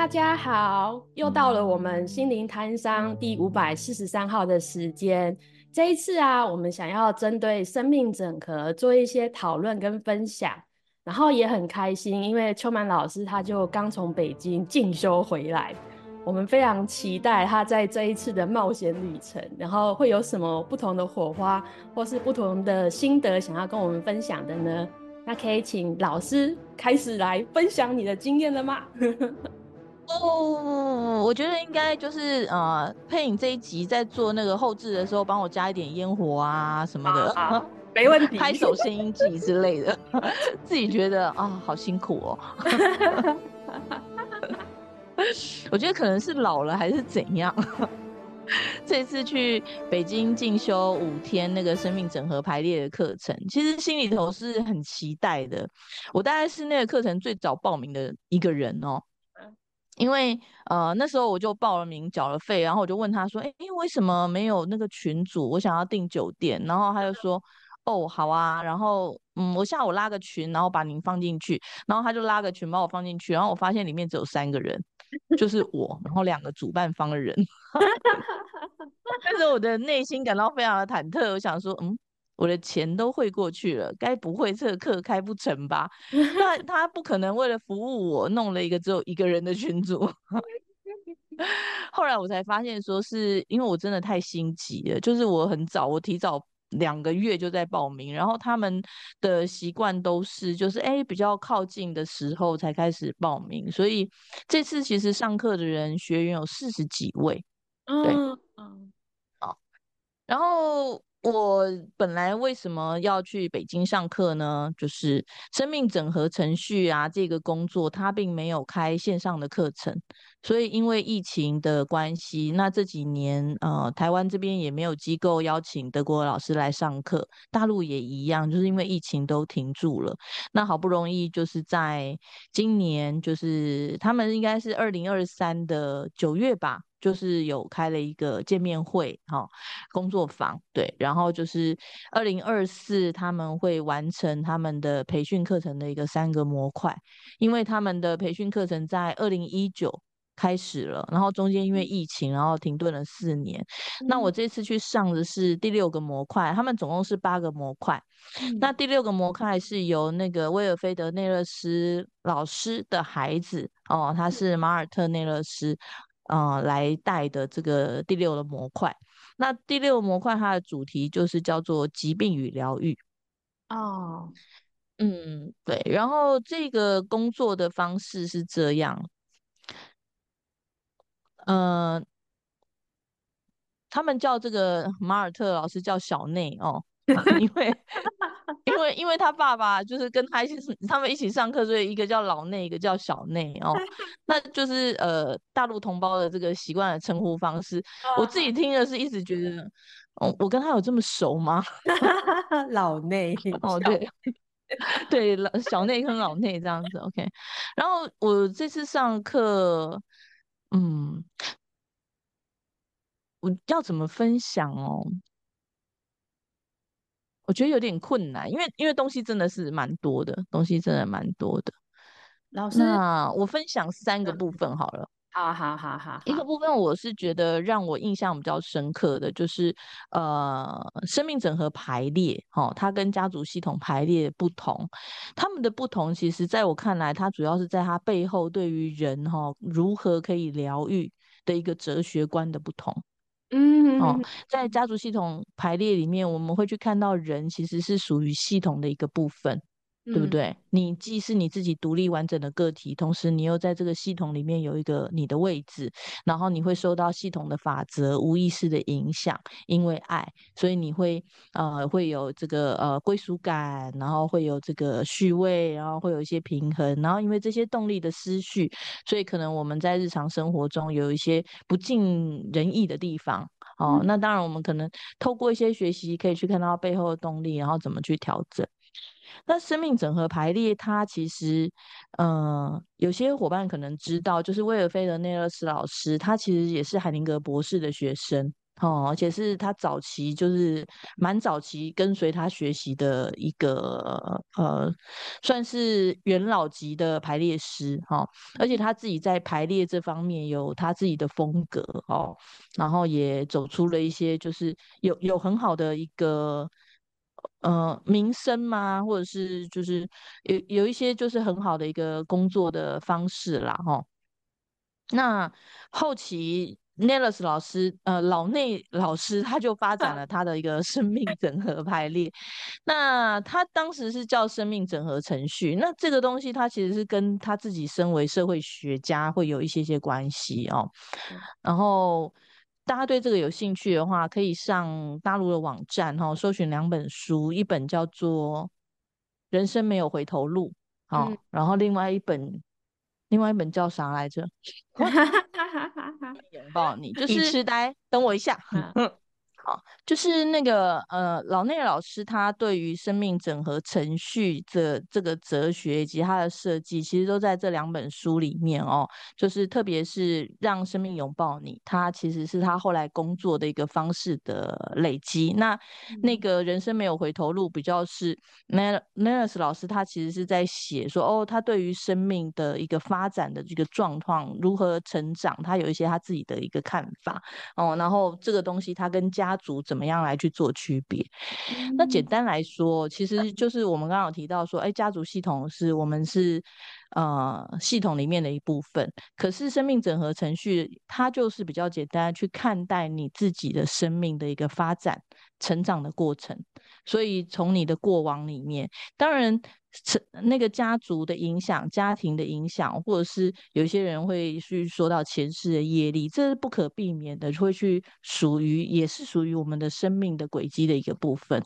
大家好，又到了我們心靈攤商第五百四十三號的時間。這一次啊，我們想要針對生命整合做一些討論跟分享，然後也很開心，因為秋滿老師他就剛從北京進修回來，我們非常期待他在這一次的冒險旅程，然後會有什麼不同的火花，或是不同的心得想要跟我們分享的呢？那可以請老師開始來分享你的經驗了嗎？ 哦、oh，我覺得應該就是呃，配影，這一集在做那個後製的時候，幫我加一點煙火啊什麼的，啊、沒問題。拍手聲音自之類的，自己覺得 啊，好辛苦哦。 我覺得可能是老了還是怎樣？ 這次去北京進修五天那個生命整合排列的課程，其實心裡頭是很期待的。我大概是那個課程最早報名的一個人哦。因為呃那時候我就報了名，繳了費，然後我就問他說：“哎，為什麼沒有那個群組？我想要訂酒店。”然後他就說：“哦，好啊。”然後嗯，我下午拉個群，然後把您放進去。然後他就拉個群把我放進去。然後我發現裡面只有三個人，就是我， 然後兩個主辦方的人。 但是我的內心感到非常的忐忑，我想說，嗯。我的錢都匯過去了，該不會這個課開不成吧？那 他，他不可能為了服務我弄了一個只有一個人的群組。 後來我才發現，說是因為我真的太心急了，就是我很早，我提早兩個月就在報名，然後他們的習慣都是就是哎，比較靠近的時候才開始報名，所以這次其實上課的人學員有四十幾位，嗯、對，嗯，然後。我本來為什麼要去北京上課呢？就是生命整合程序啊，這個工作它並沒有開線上的課程，所以因為疫情的關係，那這幾年呃台灣這邊也沒有機構邀請德國老師來上課，大陸也一樣，就是因為疫情都停住了。那好不容易就是在今年，就是他們應該是二零二三的九月吧。就是有開了一個見面會哈、哦，工作坊對，然後就是二零二四他們會完成他們的培訓課程的一個三個模塊，因為他們的培訓課程在二零一九開始了，然後中間因為疫情然後停頓了四年、嗯，那我這次去上的是第六個模塊，他們總共是八個模塊，嗯、那第六個模塊是由那個威爾菲德內勒斯老師的孩子哦，他是馬爾特內勒斯。嗯嗯啊、呃，來帶的這個第六的模塊，那第六模塊它的主題就是叫做疾病與療癒。哦，嗯，對，然後這個工作的方式是這樣，嗯、呃，他們叫這個馬爾特老師叫小內哦，因為。 因為因為他爸爸就是跟他一起，他們一起上課，所以一個叫老內，一個叫小內哦。 那就是呃，大陸同胞的這個習慣的稱呼方式。 我自己聽的是一直覺得，哦、我跟他有這麼熟嗎？ 老內，小內哦，對 對，老小內跟老內這樣子。OK， 然後我這次上課，嗯，我要怎麼分享哦？我覺得有點困難，因為因為東西真的是蠻多的，東西真的蠻多的。老師啊，那，我分享三個部分好了。啊、好好好好，好，一個部分我是覺得讓我印象比較深刻的就是，呃，生命整合排列，哈，它跟家族系統排列不同，他們的不同其實在我看來，它主要是在它背後對於人哈如何可以療愈的一個哲學觀的不同。嗯， 哦，在家族系統排列裡面，我們會去看到人其實是屬於系統的一個部分。對不對？你既是你自己獨立完整的個體，嗯，同時你又在這個系統裡面有一個你的位置，然後你會受到系統的法則，無意識的影響。因為愛，所以你會呃會有這個呃歸屬感，然後會有這個序位，然後會有一些平衡。然後因為這些動力的失序，所以可能我們在日常生活中有一些不盡人意的地方哦，嗯，那當然，我們可能透過一些學習，可以去看到背後的動力，然後怎麼去調整。那生命整合排列，它其實，嗯、呃，有些夥伴可能知道，就是威爾菲德內勒斯老師，他其實也是海靈格博士的學生，哦，而且是他早期就是蠻早期跟隨他學習的一個呃，算是元老級的排列師，哦，而且他自己在排列這方面有他自己的風格，哦，然後也走出了一些，就是有有很好的一個。呃，民生嘛，或者是就是有有一些就是很好的一個工作的方式啦，哦，哈。那後期 Nellis 老師，呃，老內老師他就發展了他的一個生命整合排列。 那他當時是叫生命整合程序。那這個東西，他其實是跟他自己身為社會學家會有一些些關係哦。嗯、然後。大家對這個有興趣的話，可以上大陸的網站哈、哦，搜尋兩本書，一本叫做《人生沒有回頭路》好、哦嗯，然後另外一本，另外一本叫啥來着？擁 抱、 哦、你就是痴呆，等我一下。啊 就是那個呃，老內老師他對於生命整合程序的這個哲學以及他的設計，其實都在這兩本書裡面哦。就是特別是《讓生命擁抱你》，他其實是他後來工作的一個方式的累積。那那個人生沒有回頭路比較是奈奈爾斯老師，他其實是在寫說哦，他對於生命的一個發展的這個狀況，如何成長，他有一些他自己的一個看法哦。然後這個東西他跟家組怎麼樣來去做區別？那簡單來說，其實就是我們剛剛有提到說，哎，家族系統是我們是呃系統裡面的一部分，可是生命整合程序它就是比較簡單，去看待你自己的生命的一個發展成長的過程。所以從你的過往裡面，當然那個家族的影響、家庭的影響，或者是有些人會去說到前世的業力，這是不可避免的，會去屬於也是屬於我們的生命的軌跡的一個部分，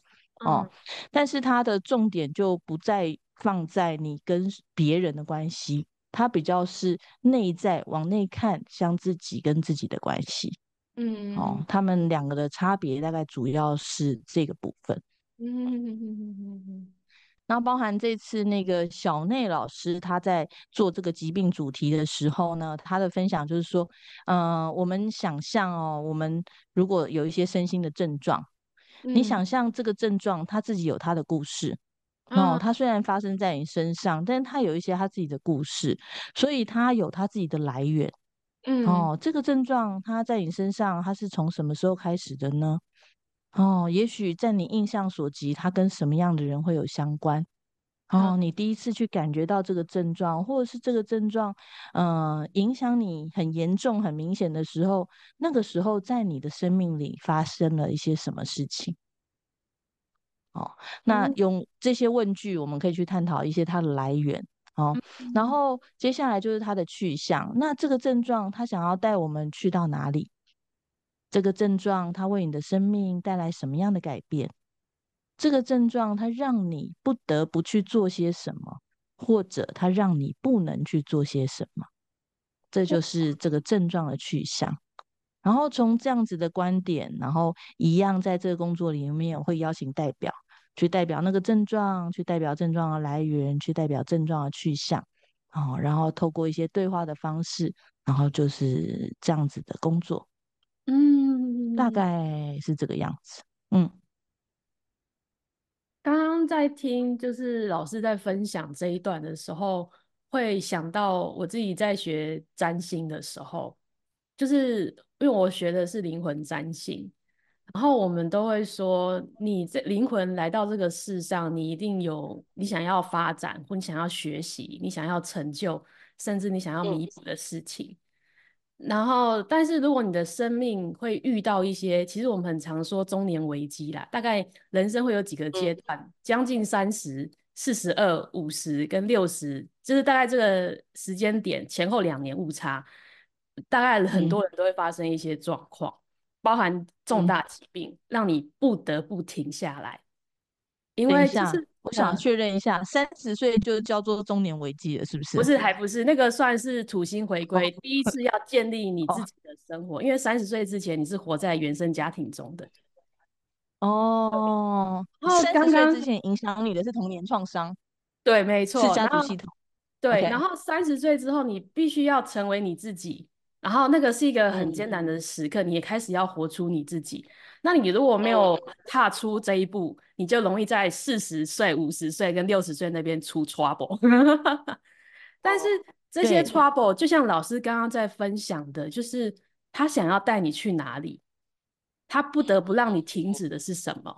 嗯。哦，但是它的重點就不再放在你跟別人的關係，它比較是內在往內看，像自己跟自己的關係。嗯，哦，他們兩個的差別大概主要是這個部分。嗯哼哼哼哼哼哼。那包含這次那個小內老師他在做這個疾病主題的時候呢，他的分享就是說，呃，我們想象哦，我們如果有一些身心的症狀，你想象這個症狀他自己有他的故事哦、嗯，他雖然發生在你身上，但是他有一些他自己的故事，所以他有他自己的來源、哦。嗯，哦，這個症狀他在你身上，他是從什麼時候開始的呢？哦，也許在你印象所及，它跟什麼樣的人會有相關？哦，你第一次去感覺到這個症狀，或者是這個症狀，嗯、呃，影響你很嚴重、很明顯的時候，那個時候在你的生命裡發生了一些什麼事情？哦，那用這些問句，我們可以去探討一些它的來源。哦，然後接下來就是它的去向。那這個症狀，它想要帶我們去到哪裡？這個症狀它為你的生命帶來什麼樣的改變？這個症狀它讓你不得不去做些什麼，或者它讓你不能去做些什麼？這就是這個症狀的去向。然後從這樣子的觀點，然後一樣在這個工作裡面會邀請代表去代表那個症狀，去代表症狀的來源，去代表症狀的去向。哦，然後透過一些對話的方式，然後就是這樣子的工作。大概是這個樣子，嗯。剛剛在聽，就是老師在分享這一段的時候，會想到我自己在學占星的時候，就是因為我學的是靈魂占星，然後我們都會說，你在靈魂來到這個世上，你一定有你想要發展或你想要學習、你想要成就，甚至你想要彌補的事情。嗯然後，但是如果你的生命會遇到一些，其實我們很常說中年危機啦。大概人生會有幾個階段，嗯、將近三十、四十二、五十跟六十，就是大概這個時間點前後兩年誤差，大概很多人都會發生一些狀況，嗯、包含重大疾病、嗯，讓你不得不停下來，下因為就是。我想確認一下，三十歲就叫做中年危機了，是不是？不是，還不是，那個算是土星回歸，哦，第一次要建立你自己的生活。哦，因為三十歲之前你是活在原生家庭中的，哦，三十歲之前影響你的是童年創傷，對，沒錯，是家族系統。對，Okay. 然後三十歲之後，你必須要成為你自己，然後那個是一個很艱難的時刻，嗯，你也開始要活出你自己。那你如果沒有踏出這一步，你就容易在四十歲、五十歲跟六十歲那邊出 trouble。 但是這些 trouble、oh, 就像老師剛剛在分享的，就是他想要帶你去哪裡？他不得不讓你停止的是什麼？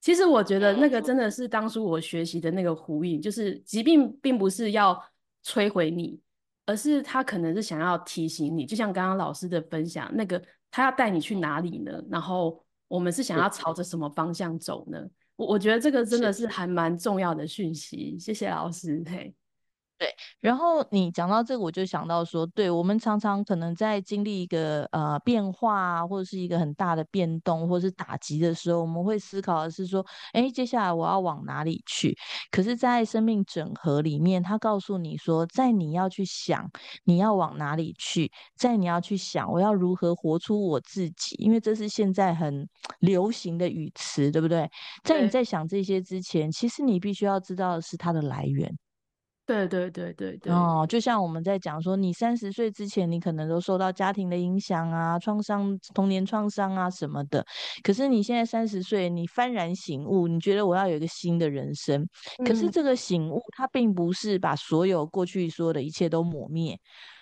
其實我覺得那個真的是當初我學習的那個呼應，就是疾病並不是要摧毀你，而是他可能是想要提醒你，就像剛剛老師的分享，那個他要帶你去哪裡呢？然後。我們是想要朝着什麼方向走呢？我我覺得這個真的是還蠻重要的訊息，謝謝老師，嘿。對，然後你講到這個，我就想到說，對，我們常常可能在經歷一個呃變化啊，或者是一個很大的變動，或者是打擊的時候，我們會思考的是說，哎，接下來我要往哪裡去？可是，在生命整合裡面，它告訴你說，在你要去想你要往哪裡去，在你要去想我要如何活出我自己，因為這是現在很流行的語詞，對不對？對。在你在想這些之前，其實你必須要知道的是它的來源。對對對對對哦，就像我們在講說，你三十歲之前，你可能都受到家庭的影響啊、創傷、童年創傷啊什麼的。可是你現在三十歲，你幡然醒悟，你覺得我要有一個新的人生。嗯、可是這個醒悟，它並不是把所有過去說的一切都抹滅，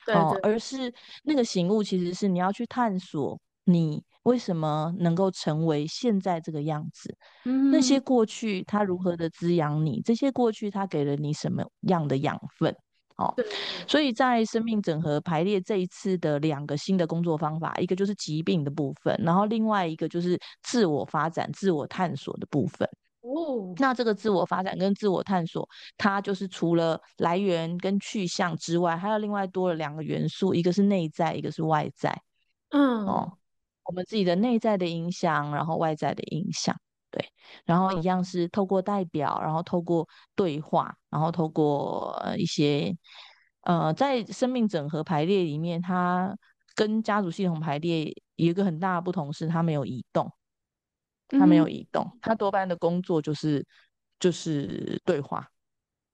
對對，哦，而是那個醒悟其實是你要去探索你。為什麼能夠成為現在這個樣子？嗯。那些過去它如何的滋養你？這些過去它給了你什麼樣的養分？哦，對。所以在生命整合排列這一次的兩個新的工作方法，一個就是疾病的部分，然後另外一個就是自我發展、自我探索的部分。哦，那這個自我發展跟自我探索，它就是除了來源跟去向之外，還有另外多了兩個元素，一個是內在，一個是外在。嗯，哦。我們自己的內在的影響，然後外在的影響，對，然後一樣是透過代表，然後透過對話，然後透過一些呃，在生命整合排列裡面，它跟家族系統排列有一個很大的不同是，它沒有移動，它沒有移動，嗯、它多半的工作就是就是對話。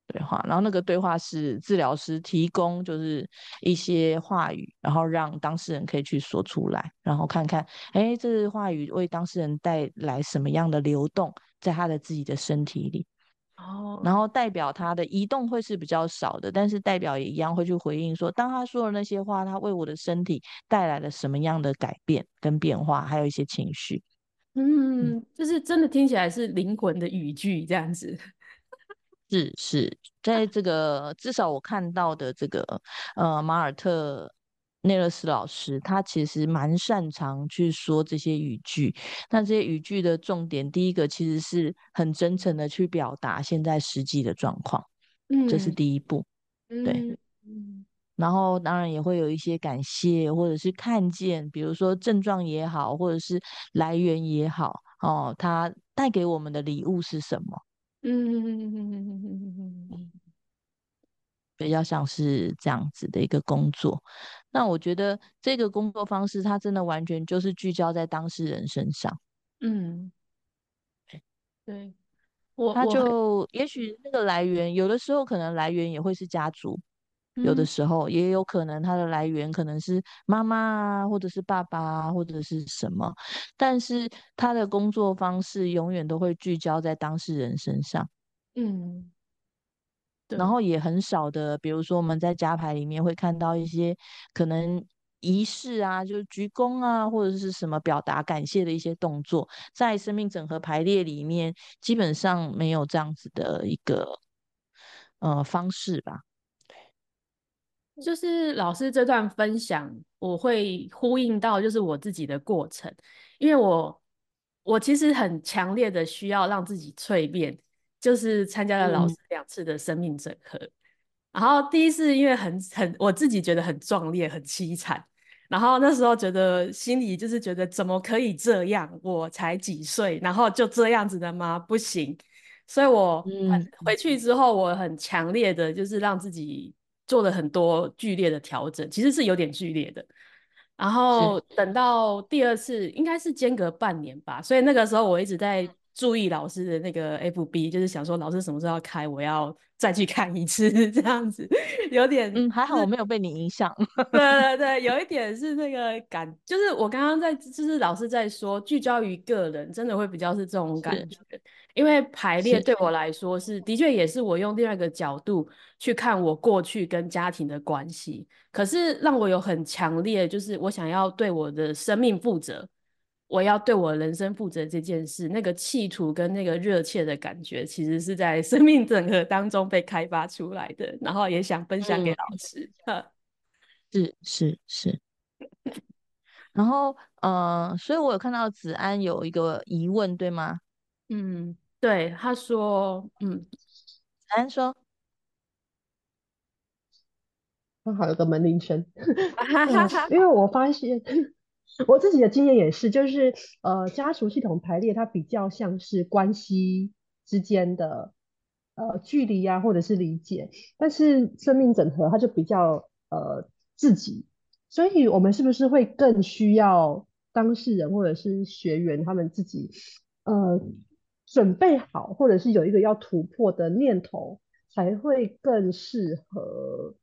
對話，然後那個對話是治療師提供，就是一些話語，然後讓當事人可以去說出來，然後看看，哎，這是話語為當事人帶來什麼樣的流動在他的自己的身體裡，哦、oh.，然後代表他的移動會是比較少的，但是代表也一樣會去回應說，當他說了那些話，他為我的身體帶來了什麼樣的改變跟變化，還有一些情緒，嗯，就、嗯、是真的聽起來是靈魂的語句這樣子。是是，在這個至少我看到的這個呃馬爾特內勒斯老師，他其實蠻擅長去說這些語句。那這些語句的重點，第一個其實是很真誠的去表達現在實際的狀況，嗯，這是第一步，對，嗯。然後當然也會有一些感謝，或者是看見，比如說症狀也好，或者是來源也好，哦，他帶給我們的禮物是什麼？嗯嗯嗯嗯嗯嗯嗯嗯嗯，比較像是這樣子的一個工作。那我覺得這個工作方式，它真的完全就是聚焦在當事人身上。嗯，對，對，我他就也許那個來源， 有的時候可能來源也會是家族。有的時候也有可能，他的來源可能是媽媽啊，或者是爸爸啊，或者是什麼。但是他的工作方式永遠都會聚焦在當事人身上，嗯。然後也很少的，比如說我們在家排裡面會看到一些可能儀式啊，就是鞠躬啊，或者是什麼表達感謝的一些動作，在生命整合排列裡面基本上沒有這樣子的一個呃方式吧。就是老師這段分享，我會呼應到就是我自己的過程，因為我我其實很強烈的需要讓自己蛻變，就是參加了老師兩次的生命整合，嗯、然後第一次因為很很我自己覺得很壯烈，很淒慘，然後那時候覺得心裡就是覺得怎麼可以這樣，我才幾歲，然後就這樣子的嗎？不行，所以我、嗯、回去之後，我很強烈的就是讓自己。做了很多劇烈的調整，其實是有點劇烈的。然後等到第二次，應該是間隔半年吧，所以那個時候我一直在注意老師的那個 FB，就是想說老師什麼時候要開，我要再去看一次，這樣子有點、嗯。還好我沒有被你影響。對對對，有一點是那個感， 就是我剛剛在，就是老師在說聚焦於個人，真的會比較是這種感覺。因為排列對我來說是，是的確也是我用另外一個角度去看我過去跟家庭的關係，可是讓我有很強烈，就是我想要對我的生命負責，我要對我人生負責這件事，那個企圖跟那個熱切的感覺，其實是在生命整合當中被開發出來的，然後也想分享給老師。是是是。是 然後，呃，所以我有看到子安有一個疑問，對嗎？嗯。對，他說，嗯，安、啊、說，剛、啊、好有個門鈴聲 嗯，因為我發現我自己的經驗也是，就是呃，家族系統排列它比較像是關係之間的呃距離啊，或者是理解，但是生命整合它就比較呃自己，所以我們是不是會更需要當事人或者是學員他們自己呃？準備好，或者是有一個要突破的念頭，才會更適合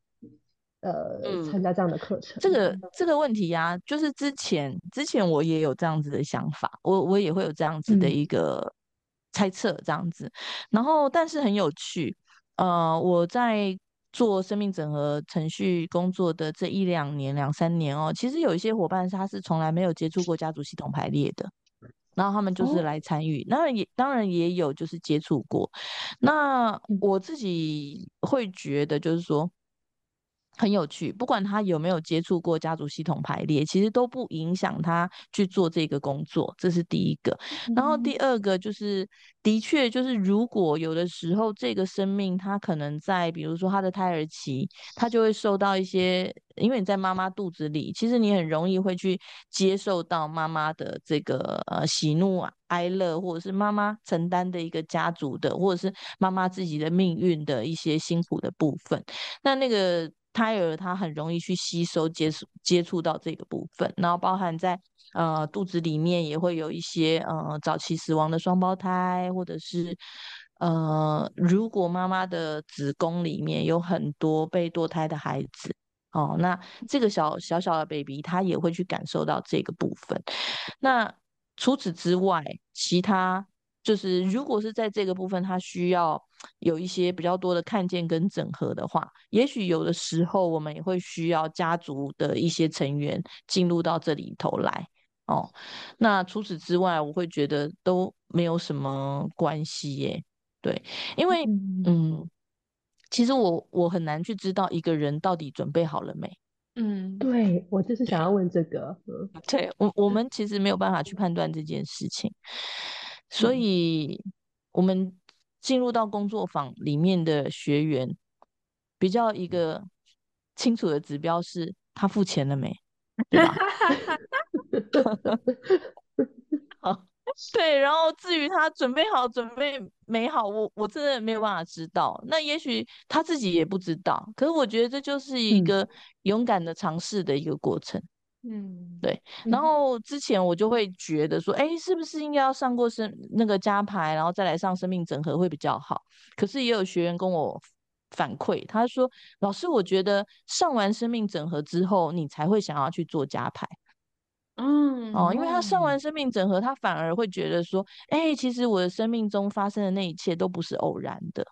呃參加這樣的課程。嗯。這個這個問題呀、啊，就是之前之前我也有這樣子的想法，我我也會有這樣子的一個猜測，這樣子。嗯，然後但是很有趣，呃，我在做生命整合程序工作的這一兩年兩三年哦，其實有一些夥伴他是從來沒有接觸過家族系統排列的。然後他們就是來參與，那、哦、也當然也有就是接觸過，那我自己會覺得就是說。很有趣，不管他有沒有接觸過家族系統排列，其實都不影響他去做這個工作。這是第一個。然後第二個就是，嗯、的確，就是如果有的時候這個生命，他可能在，比如說他的胎兒期，他就會受到一些，因為你在媽媽肚子裡，其實你很容易會去接受到媽媽的這個呃喜怒哀樂，或者是媽媽承擔的一個家族的，或者是媽媽自己的命運的一些辛苦的部分。那那個。胎兒他很容易去吸收接觸接觸到這個部分，然後包含在呃肚子裡面也會有一些呃早期死亡的雙胞胎，或者是呃如果媽媽的子宮裡面有很多被墮胎的孩子，哦，那這個小小小的 baby 他也會去感受到這個部分。那除此之外，其他就是如果是在這個部分，他需要有一些比較多的看見跟整合的話，也許有的時候我們也會需要家族的一些成員進入到這裡頭來哦。那除此之外，我會覺得都沒有什麼關係耶。對，因為嗯，嗯，其實我我很難去知道一個人到底準備好了沒。嗯，對我就是想要問這個。對我我們其實沒有辦法去判斷這件事情，所以，嗯，我們。進入到工作坊裡面的學員，比較一個清楚的指標是他付錢了沒，對吧？ 好，對。然後至於他準備好、準備沒好，我我真的沒有辦法知道。那也許他自己也不知道。可是我覺得這就是一個勇敢的嘗試的一個過程。嗯嗯，對嗯。然後之前我就會覺得說，哎、嗯，是不是應該要上過生那個家排，然後再來上生命整合會比較好？可是也有學員跟我反饋，他說：“老師，我覺得上完生命整合之後，你才會想要去做家排。”嗯，哦，因為他上完生命整合，他反而會覺得說：“哎，其實我的生命中發生的那一切都不是偶然的。”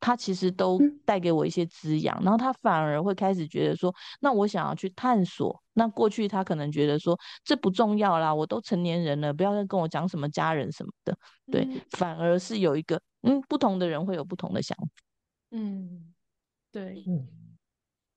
他其實都帶給我一些滋養、嗯，然後他反而會開始覺得說，那我想要去探索。那過去他可能覺得說，這不重要啦，我都成年人了，不要再跟我講什麼家人什麼的。嗯、對，反而是有一個，嗯，不同的人會有不同的想法。嗯，對，嗯，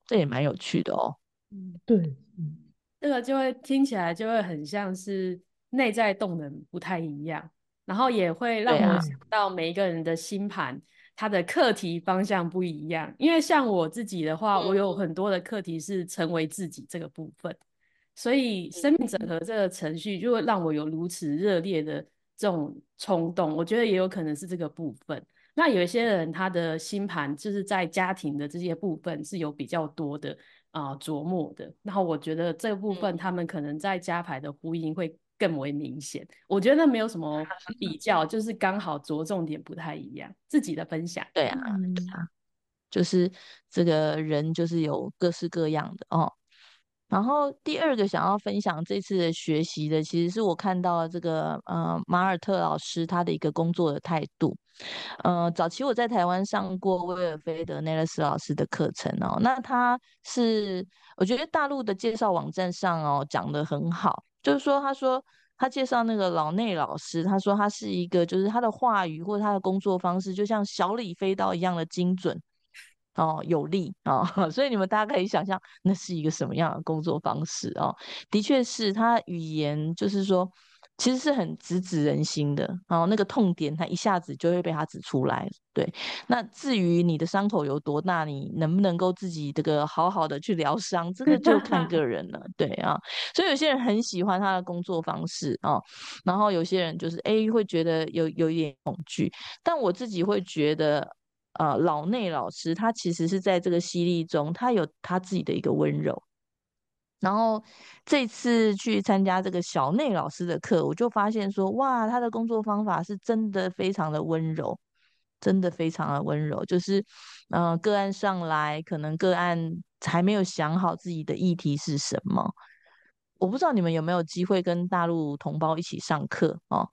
這也蠻有趣的哦。嗯，對，嗯，這個就會聽起來就會很像是內在動能不太一樣，然後也會讓我想到每一個人的星盤。他的課題方向不一樣，因為像我自己的話，我有很多的課題是成為自己這個部分，所以生命整合這個程序就會讓我有如此熱烈的這種衝動。我覺得也有可能是這個部分。那有一些人他的星盤就是在家庭的這些部分是有比較多的啊、呃、琢磨的，然後我覺得這個部分他們可能在家排的呼應會。更為明顯，我覺得那沒有什麼比較， 就是剛好着重點不太一樣。自己的分享，對啊，對啊，就是這個人就是有各式各樣的哦。然後第二個想要分享這次的學習的，其實是我看到這個呃馬爾特老師他的一個工作的態度。呃，早期我在台灣上過威爾菲德內勒斯老師的課程哦，那他是我覺得大陸的介紹網站上哦講得很好。就是說，他說他介紹那個老內老師，他說他是一個，就是他的話語或者他的工作方式，就像小李飛刀一樣的精準哦，有力啊、哦，所以你們大家可以想象，那是一個什麼樣的工作方式哦，的確是他語言，就是說。其實是很直指人心的，然後那個痛點，他一下子就會被他指出來。對，那至於你的傷口有多大，你能不能夠自己這個好好的去療傷，真的就看個人了。 對啊、哦，所以有些人很喜歡他的工作方式啊、哦，然後有些人就是誒會覺得有有一點恐懼，但我自己會覺得，呃，老內老師他其實是在這個犀利中，他有他自己的一個溫柔。然後這次去參加這個小內老師的課，我就發現說，哇，他的工作方法是真的非常的溫柔，真的非常的溫柔。就是，嗯、呃，個案上來，可能個案還沒有想好自己的議題是什麼，我不知道你們有沒有機會跟大陸同胞一起上課哦。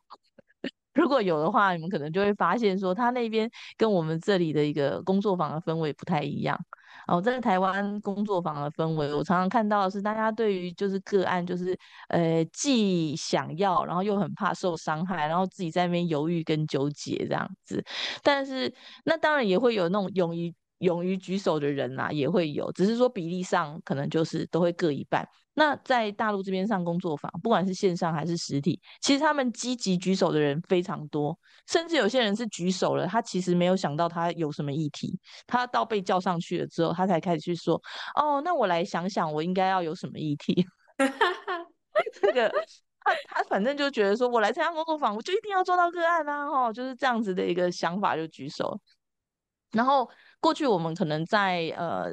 如果有的話，你們可能就會發現說，他那邊跟我們這裡的一個工作坊的氛圍不太一樣。哦，在台灣工作坊的氛圍，我常常看到的是大家對於就是個案，就是呃既想要，然後又很怕受傷害，然後自己在那邊猶豫跟糾結這樣子。但是那當然也會有那種勇於勇於舉手的人啦啊，也會有，只是說比例上可能就是都會各一半。那在大陸這邊上工作坊，不管是線上還是實體，其實他們積極舉手的人非常多，甚至有些人是舉手了，他其實沒有想到他有什麼議題，他到被叫上去了之後，他才開始去說：“哦，那我來想想，我應該要有什麼議題。 ”這個他他反正就覺得說：“我來參加工作坊，我就一定要做到個案啊，哦！”哈，就是這樣子的一個想法就舉手。然後過去我們可能在呃。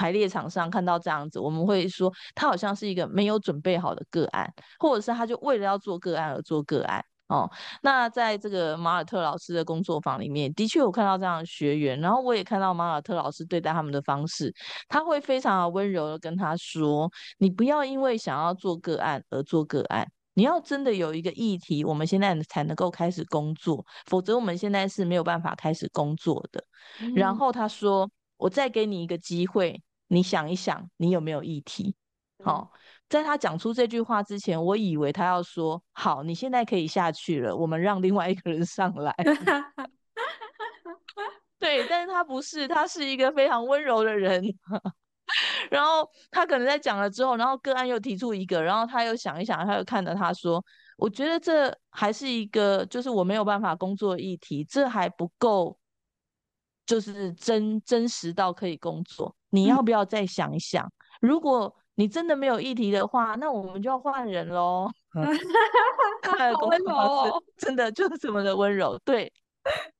排列場上看到這樣子，我們會說他好像是一個沒有準備好的個案，或者是他就為了要做個案而做個案哦。那在這個馬爾特老師的工作坊裡面，的確有看到這樣的學員，然後我也看到馬爾特老師對待他們的方式，他會非常的溫柔地跟他說：“你不要因為想要做個案而做個案，你要真的有一個議題，我們現在才能夠開始工作，否則我們現在是沒有辦法開始工作的。嗯”然後他說：“我再給你一個機會。”你想一想，你有沒有議題？好、哦，在他講出這句話之前，我以為他要說“好，你現在可以下去了，我們讓另外一個人上來。 ”對，但是他不是，他是一個非常溫柔的人。 然後他可能在講了之後，然後個案又提出一個，然後他又想一想，他又看着他說：“我覺得這還是一個，就是我沒有辦法工作議題，這還不夠，就是真真實到可以工作。”你要不要再想一想，嗯？如果你真的沒有議題的話，那我們就要換人嘍。溫 柔，哦， 真的就是這麼的溫柔，對。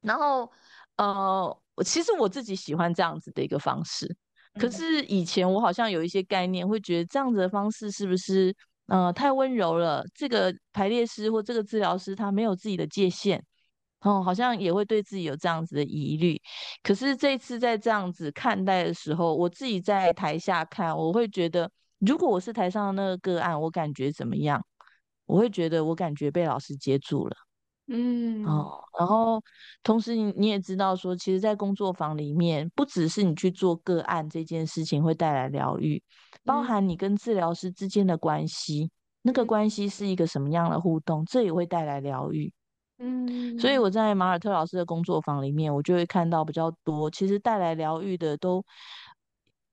然後，呃，其實我自己喜歡這樣子的一個方式。嗯，可是以前我好像有一些概念，會覺得這樣子的方式是不是呃太溫柔了？這個排列師或這個治療師他沒有自己的界限。哦，好像也會對自己有這樣子的疑慮，可是這次在這樣子看待的時候，我自己在台下看，我會覺得，如果我是台上的那個個案，我感覺怎麼樣？我會覺得我感覺被老師接住了，嗯，哦，然後同時你也知道說，其實，在工作坊裡面，不只是你去做個案這件事情會帶來療癒，包含你跟治療師之間的關係，嗯，那個關係是一個什麼樣的互動，這也會帶來療癒。嗯，所以我在馬爾特老師的工作坊裡面，我就會看到比較多，其實帶來療癒的都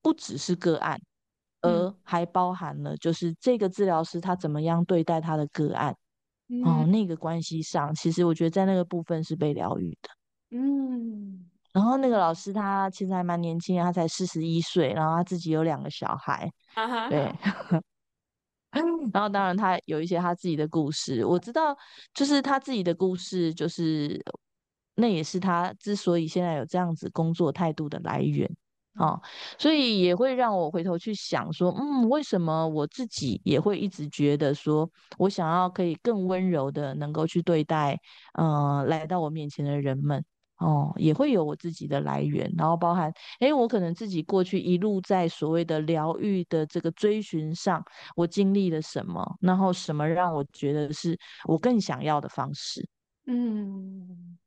不只是個案，而還包含了就是這個治療師他怎麼樣對待他的個案，哦、嗯嗯，那個關係上，其實我覺得在那個部分是被療癒的。嗯，然後那個老師他其實還蠻年輕，他才四十一歲，然後他自己有兩個小孩，啊、對。 然後，當然，他有一些他自己的故事。我知道，就是他自己的故事，就是那也是他之所以現在有這樣子工作態度的來源啊、哦。所以也會讓我回頭去想說，嗯，為什麼我自己也會一直覺得說，我想要可以更溫柔的能夠去對待，呃，來到我面前的人們。哦，也會有我自己的來源，然後包含，哎，我可能自己過去一路在所謂的療癒的這個追尋上，我經歷了什麼，然後什麼讓我覺得是我更想要的方式。嗯，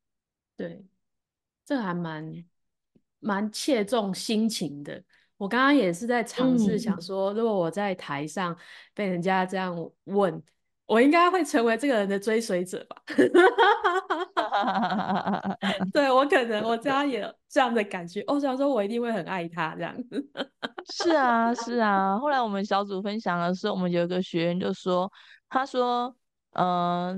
對，這還蠻蠻切中心情的。我剛剛也是在嘗試想說，嗯。如果我在台上被人家這樣問。我應該會成為這個人的追隨者吧 對？對我可能我家也這樣的感覺。我想說我一定會很愛他這樣子。 是啊，是啊。後來我們小組分享的時候，我們有一個學員就說：“他說。”嗯、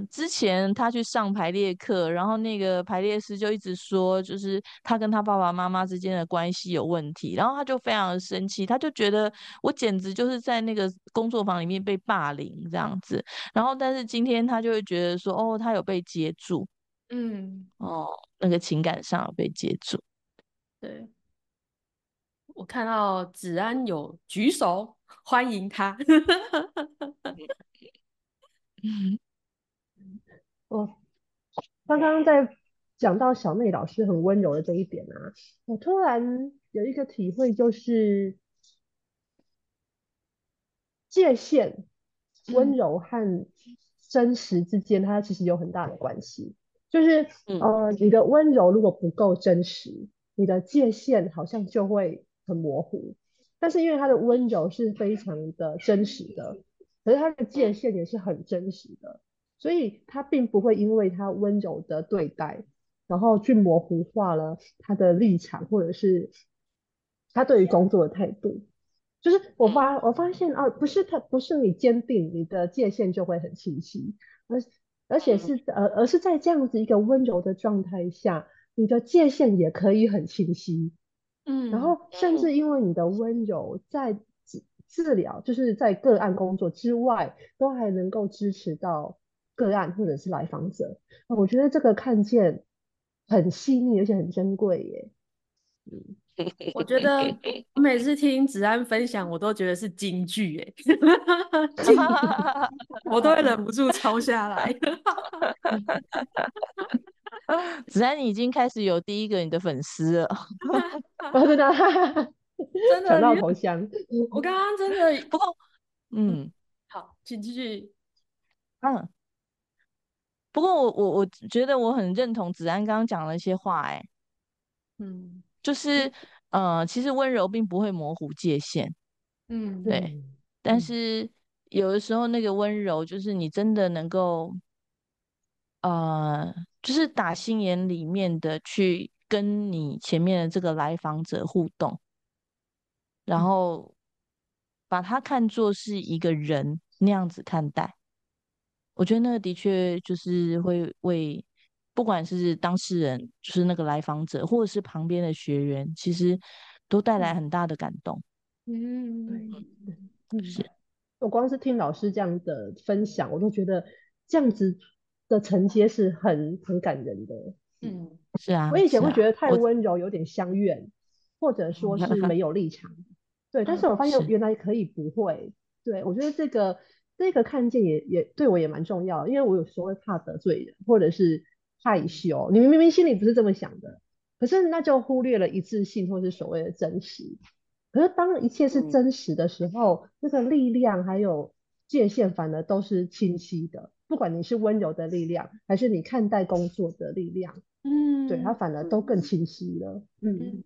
呃，之前他去上排列課，然後那個排列師就一直說，就是他跟他爸爸媽媽之間的關係有問題，然後他就非常的生氣，他就覺得我簡直就是在那個工作坊裡面被霸凌這樣子。嗯、然後，但是今天他就會覺得說，哦，他有被接住，嗯，哦，那個情感上有被接住。對，我看到子安有舉手歡迎他，嗯。 我剛剛在講到小妹老師很溫柔的這一點啊，我突然有一個體會，就是界限溫柔和真實之間，它其實有很大的關係。就是呃，你的溫柔如果不夠真實，你的界限好像就會很模糊。但是因為他的溫柔是非常的真實的，可是他的界限也是很真實的。所以他並不會因為他溫柔的對待，然後去模糊化了他的立場，或者是他對於工作的態度。就是我發我發現啊，不是他不是你堅定你的界限就會很清晰，而、而且是呃而是在這樣子一個溫柔的狀態下，你的界限也可以很清晰。嗯，然後甚至因為你的溫柔，在治治療，就是在個案工作之外，都還能夠支持到，個案或者是來訪者，我覺得這個看見很細膩，而且很珍貴耶、嗯。 我覺得我每次聽子安分享，我都覺得是金句耶、欸 我都會忍不住抄下來 。 子安，你已經開始有第一個你的粉絲了 本當， 真的， 剛剛真的。傳到紅箱，我剛剛真的不過，嗯，好，請繼續，嗯。不過我我我覺得我很認同子安剛剛講的一些話，哎，嗯，就是呃，其實溫柔並不會模糊界限，嗯，對，但是有的時候那個溫柔就是你真的能夠，呃，就是打心眼裡面的去跟你前面的這個來訪者互動，然後把他看作是一個人那樣子看待。我覺得那的確就是會為不管是當事人，就是那個來訪者，或者是旁邊的學員，其實都帶來很大的感動。嗯，對，是。我光是聽老師這樣的分享，我都覺得這樣子的承接是很很感人的。嗯，是啊。我以前、啊、會覺得太溫柔，有點鄉願，或者說是沒有立場。 對，但是我發現原來可以不會。啊、對，對，我覺得這個。這、那個看見也也對我也蠻重要的，因為我有時候怕得罪人，或者是害羞。你明明心裡不是這麼想的，可是那就忽略了一致性或是所謂的真實。可是當一切是真實的時候，那個力量還有界限反而都是清晰的。不管你是溫柔的力量，還是你看待工作的力量，嗯，對，它反而都更清晰了。嗯，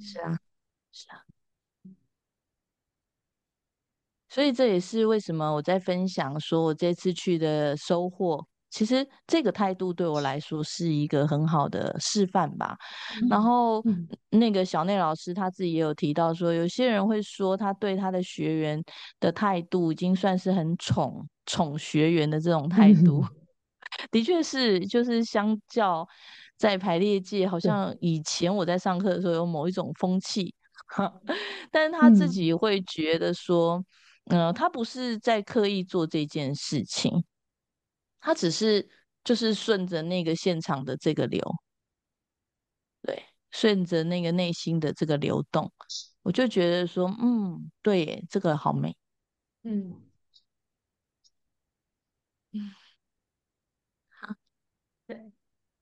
是啊，是啊。所以這也是為什麼我在分享說我這次去的收穫。其實這個態度對我來說是一個很好的示範吧。然後那個小內老師他自己也有提到說，有些人會說他對他的學員的態度已經算是很寵寵學員的這種態度，嗯、 的確是，就是相較在排列界，好像以前我在上課的時候有某一種風氣， 但是他自己會覺得說。嗯、呃，他不是在刻意做這件事情，他只是就是順着那個現場的這個流，對，順着那個內心的這個流動，我就覺得說，嗯，對，這個好美，嗯，嗯，好，對，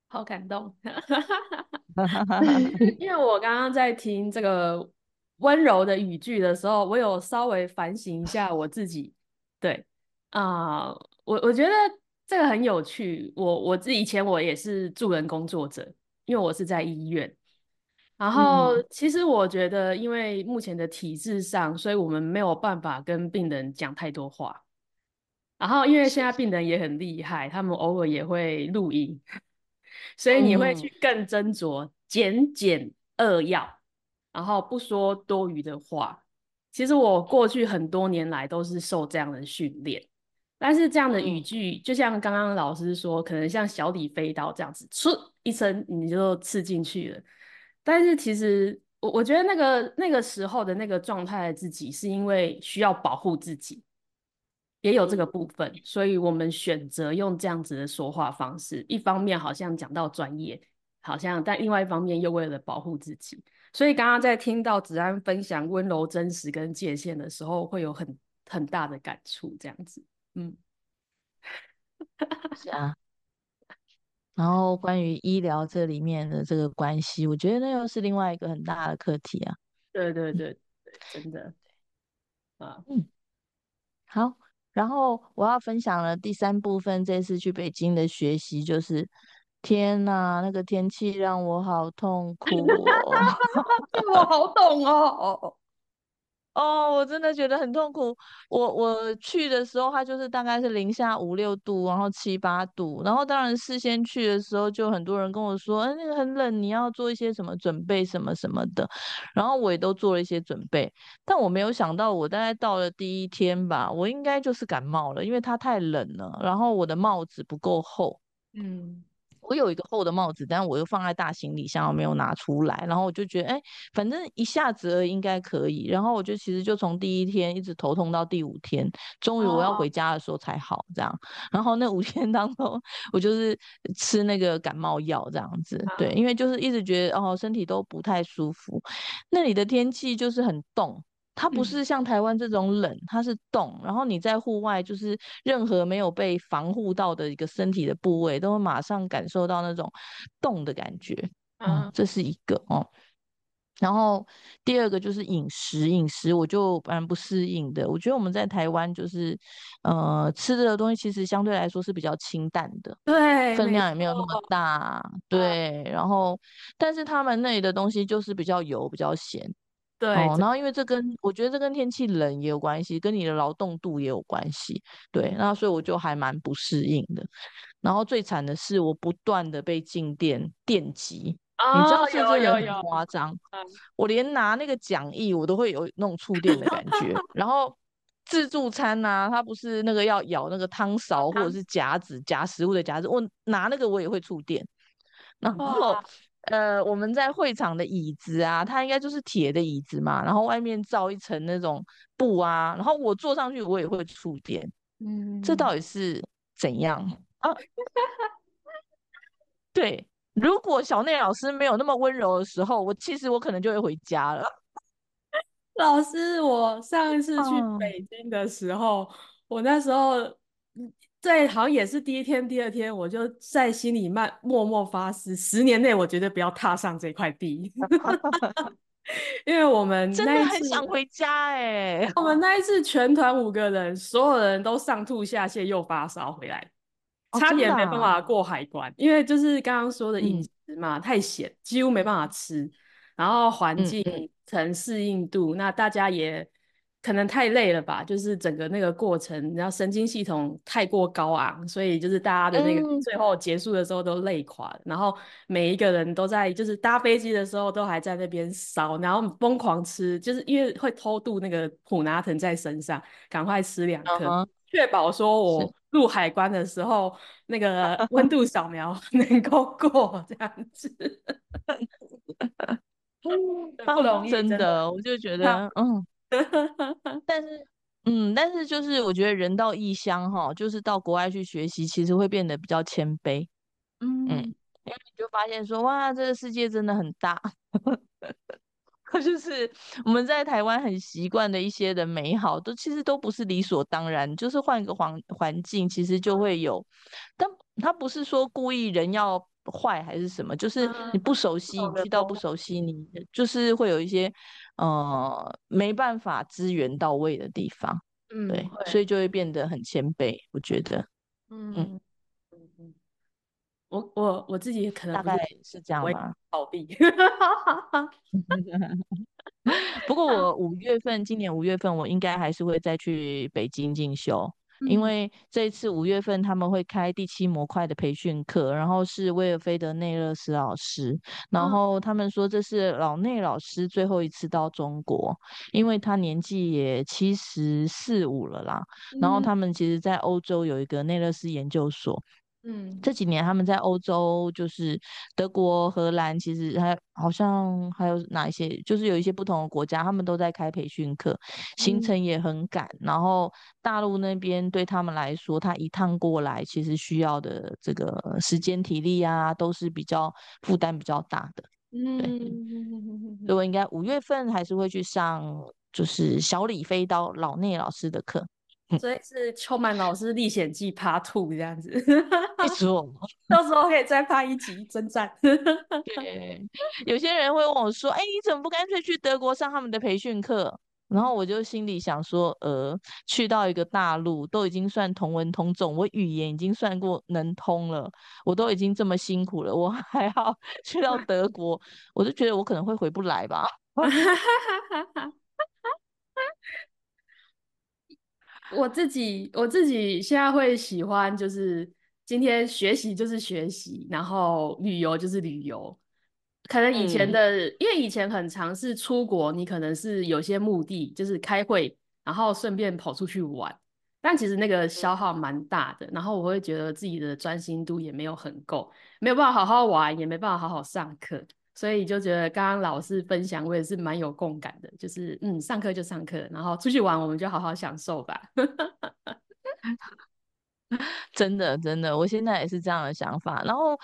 好感動，哈哈哈哈，因為我剛剛在聽這個。溫柔的語句的時候，我有稍微反省一下我自己。對啊，uh, 我我覺得這個很有趣。我我自己以前我也是助人工作者，因為我是在醫院。然後、嗯、其實我覺得，因為目前的體制上，所以我們沒有辦法跟病人講太多話。然後因為現在病人也很厲害謝謝，他們偶爾也會錄音，所以你會去更斟酌，簡簡扼要。剪剪，然後不說多餘的話。其實我過去很多年來都是受這樣的訓練，但是這樣的語句，就像剛剛老師說，可能像小李飛刀這樣子，出一聲你就刺進去了。但是其實我我覺得那個那個時候的那個狀態的自己是因為需要保護自己，也有這個部分，所以我們選擇用這樣子的說話方式。一方面好像講到專業，好像，但另外一方面又為了保護自己。所以剛剛在聽到子安分享溫柔、真實跟界限的時候，會有很很大的感觸。這樣子，嗯， 是啊。然後關於醫療這裡面的這個關係，我覺得那又是另外一個很大的課題啊。對對對、嗯、對，真的。啊，嗯，好。然後我要分享的第三部分，這次去北京的學習就是。天吶、啊，那個天氣讓我好痛苦哦！ 我好冷哦，哦、oh，我真的覺得很痛苦。我我去的時候，它就是大概是零下五六度，然後七八度。然後當然事先去的時候，就很多人跟我說、嗯：“那個很冷，你要做一些什麼準備，什麼什麼的。”然後我也都做了一些準備，但我沒有想到，我大概到了第一天吧，我應該就是感冒了，因為它太冷了，然後我的帽子不夠厚，嗯。我有一個厚的帽子，但我又放在大行李箱，我沒有拿出來。然後我就覺得，哎、欸，反正一下子應該可以。然後我就其實就從第一天一直頭痛到第五天，終於我要回家的時候才好這樣。Oh. 然後那五天當中，我就是吃那個感冒藥這樣子。Oh. 對，因為就是一直覺得哦，身體都不太舒服。那裡的天氣就是很凍。它不是像台灣這種冷，嗯、它是凍。然後你在戶外，就是任何沒有被防護到的一個身體的部位，都會馬上感受到那種凍的感覺、啊。嗯，這是一個哦、嗯。然後第二個就是飲食，飲食我就蠻不適應的。我覺得我們在台灣就是，呃，吃的東西其實相對來說是比較清淡的，對，分量也沒有那麼大，對。然後，但是他們那裡的東西就是比較油，比較鹹。對、哦，然後因為這跟我覺得這跟天氣冷也有關係，跟你的勞動度也有關係。對，那所以我就還蠻不適應的。然後最慘的是，我不斷的被靜電電擊、哦，你知道是不是有點誇張有有有有？我連拿那個講義，我都會有那種觸電的感覺。 然後自助餐呢、啊，它不是那個要咬那個湯勺或者是夾子夾食物的夾子，我拿那個我也會觸電。然後。哦啊呃，我們在會場的椅子啊，它應該就是鐵的椅子嘛，然後外面罩一層那種布啊，然後我坐上去我也會觸電，嗯，這到底是怎樣啊？ 對，如果小內老師沒有那麼溫柔的時候，我其實我可能就會回家了。老師，我上次去北京的時候，嗯、我那時候嗯。在好像也是第一天、第二天，我就在心裡慢默默發誓：十年內，我絕對不要踏上這塊地。 因為我們那一次真的很想回家哎、欸！我們那一次全團五個人，所有人都上吐下瀉又發燒回來、哦，差點沒辦法過海關。啊、因為就是剛剛說的飲食嘛，嗯、太鹹，幾乎沒辦法吃。然後環境、城市、適應度，那大家也。可能太累了吧，就是整個那個過程，然後神經系統太過高昂，所以就是大家的那個最後結束的時候都累垮了、嗯。然後每一個人都在，就是搭飛機的時候都還在那邊燒，然後瘋狂吃，就是因為會偷渡那個普拿疼在身上，趕快吃兩顆，Uh-huh. 確保說我入海關的時候那個溫度掃描 能夠過這樣子、 嗯。不容易，真的，真的我就覺得嗯。 但是，嗯，但是就是我覺得人到異鄉哈、哦，就是到國外去學習，其實會變得比較謙卑。嗯因為、嗯、你就發現說，哇，這個世界真的很大。 可就是我們在台灣很習慣的一些的美好，都其實都不是理所當然。就是換一個環環境，其實就會有。但他不是說故意人要壞還是什麼，就是你不熟悉，你、嗯、去到不熟悉你，你就是會有一些。哦、呃，沒辦法支援到位的地方，嗯、對，所以就會變得很謙卑，我覺得，嗯嗯我我我自己可能大概是這樣吧，逃避。 不過我五月份， 今年五月份，我應該還是會再去北京進修。因為這一次五月份他們會開第七模塊的培訓課，然後是威爾菲德內勒斯老師，然後他們說這是老內老師最後一次到中國，因為他年紀也七十四五了啦。然後他們其實在歐洲有一個內勒斯研究所。嗯，這幾年他們在歐洲，就是德國、荷蘭，其實還好像還有哪一些，就是有一些不同的國家，他們都在開培訓課，行程也很趕。嗯。然後大陸那邊對他們來說，他一趟過來，其實需要的這個時間、體力啊，都是比較負擔比較大的。對。嗯，所以我應該五月份還是會去上，就是小李飛刀老內老師的課。所以是《秋滿老師歷險記 Part Two》這樣子，一說，到時候可以再拍一集，真讚 有些人會問我說：“哎、欸，你怎麼不乾脆去德國上他們的培訓課？”然後我就心裡想說：“呃，去到一個大陸都已經算同文同種，我語言已經算過能通了，我都已經這麼辛苦了，我還要去到德國， 我就覺得我可能會回不來吧。 ” 我自己，我自己現在會喜歡，就是今天學習就是學習，然後旅遊就是旅遊。可能以前的，嗯，因為以前很常是出國，你可能是有些目的，就是開會，然後順便跑出去玩。但其實那個消耗蠻大的，然後我會覺得自己的專心度也沒有很夠，沒有辦法好好玩，也沒辦法好好上課。所以就覺得剛剛老師分享，我也是蠻有共感的。就是嗯，上課就上課，然後出去玩，我們就好好享受吧。 真的，真的，我現在也是這樣的想法。然後，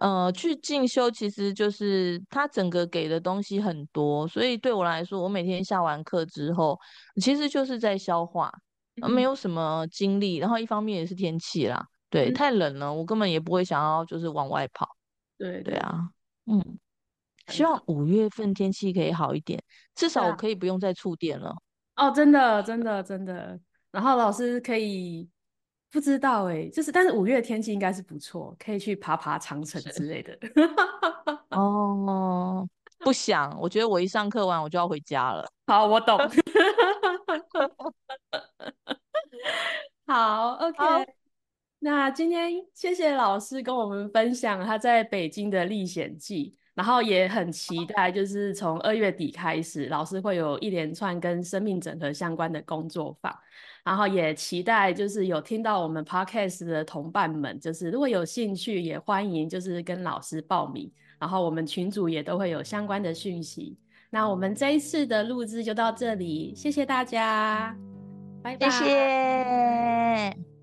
呃，去進修其實就是他整個給的東西很多，所以對我來說，我每天下完課之後，其實就是在消化，沒有什麼精力。嗯、然後一方面也是天氣啦，對、嗯，太冷了，我根本也不會想要就是往外跑。對對啊，嗯。希望五月份天氣可以好一點，至少我可以不用再觸電了、啊。哦，真的，真的，真的。然後老師可以不知道哎、欸，就是，但是五月天氣應該是不錯，可以去爬爬長城之類的。 哦，不想，我覺得我一上課完我就要回家了。好，我懂。 好，OK。Oh. 那今天謝謝老師跟我們分享他在北京的歷險記。然後也很期待，就是從二月底開始，老師會有一連串跟生命整合相關的工作坊。然後也期待，就是有聽到我們 Podcast 的同伴們，就是如果有興趣，也歡迎就是跟老師報名。然後我們群組也都會有相關的訊息。那我們這一次的錄製就到這裡，謝謝大家，拜拜，謝謝。